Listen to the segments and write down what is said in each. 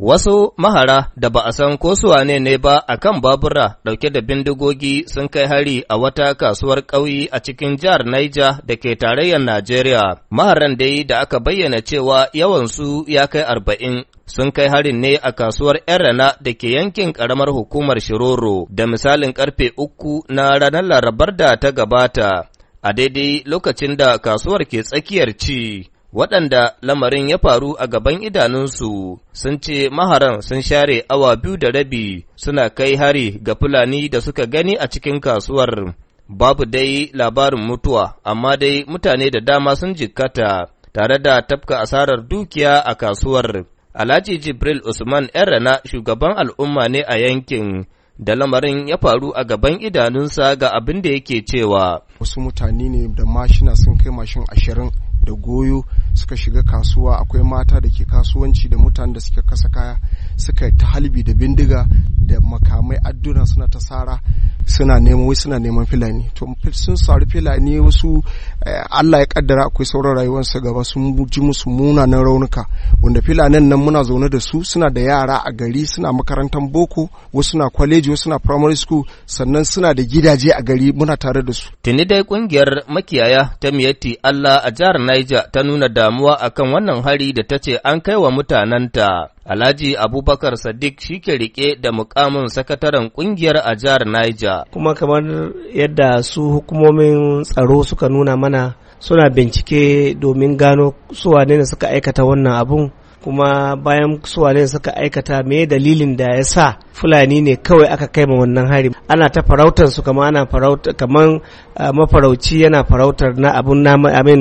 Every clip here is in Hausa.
Wasu mahara da ba a san ko suwane ne ba a kan babura ɗauke da bindigogi sun kai hari a wata kasuwar ƙauye a cikin jihar Naija da ke tarayyar Najeriya. Maharan dai da aka bayyana cewa yawansu ya kai arba'in sun kai harin ne a kasuwar Erana da ke yankin ƙaramar hukumar Shiroro da misalin ƙarfe uku na ranar Larabar da ta gabata, a daidai lokacin da kasuwar ke tsakiyar ci. waɗanda lamarin ya faru a gaban idanunsu sun ce maharan sun share awa biyu da rabi suna kai hari ga fulani da suka gani a cikin kasuwar babu dai labarin mutuwa amma dai mutane da dama sun jikkata tare da tafka asarar dukiya a kasuwar alhaji jibril usman rana shugaban al'umma ne a yankin da lamarin ya faru a gaban idanunsa ga abin da yake cewa wasu mutane ne da mashina sun kai mashin ashirin da goyo suka shiga kasuwa akwai mata da ke kasuwanci da mutanen da suka kasa kaya suka ta halbi da bindiga da makamai adduna suna ta sara suna neman wai suna neman filani to sun sari filani wasu eh, Allah ya kaddara akwai sauran rayuwarsa gaba sun ji musu munanan raunuka wanda filanin nan muna zaune da su suna da yara a gari suna makarantar boko wasu na kwaleji wasu na primary school sannan suna da gidaje a gari muna tare da su tuni dai kungiyar makiyaya ta miyati Allah a jihar Niger ta nuna damuwa akan wannan hari da ta ce an kai wa mutanenta Alhaji Abubakar Sadiq shi ke rike da mukamin sakataren kungiyar a jihar Niger kuma kamar yadda su hukumomin tsaro suka nuna mana suna bincike domin gano su ne suka aikata wannan abun kuma bayan suwane suka aikata me dalilin da ya sa fulani ne kawai aka kai ma wannan hari ana ta farautar su kamar ana farauta kamar ah, mafarauci yana farautar na abun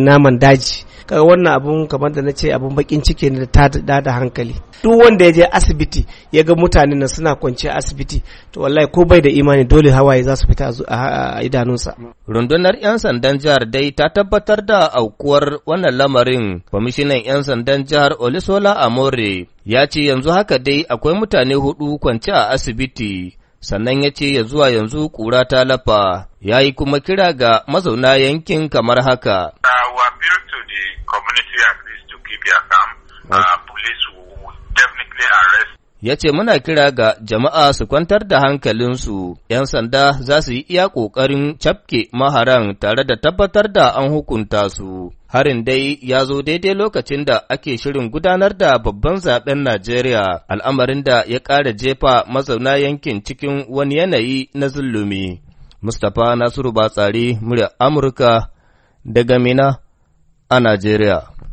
naman daji kaga wannan abun kamar da nace abun bakin ciki ne ta da hankali duk wanda ya je asibiti ya ga mutane nan suna kwance asibiti to wallahi ko bai da imani dole hawaye za su fita a idanunsa rundunar yan sandan jihar dai ta tabbatar da aukuwar wannan lamarin kwamishinan yan sandan jihar olisola Bola Amore ya ce yanzu haka dai akwai mutane hudu kwance a asibiti sannan ya ce ya zuwa yanzu kura ta lafa ya yi kuma kira ga mazauna yankin kamar haka. Uh, we appeal to the community at least to keep their calm. Uh, police will ya ce muna kira ga jama'a su kwantar da hankalinsu, ‘yan sanda za su yi iya ƙoƙarin cafke maharan tare da tabbatar da an hukunta su. Harin dai ya zo daidai lokacin da ake shirin gudanar da babban zaben Najeriya, al'amarin da ya ƙara jefa mazauna yankin cikin wani yanayi na zulumi. Mustapha Nasiru Batsari, murya Amurka, daga Mina a Najeriya.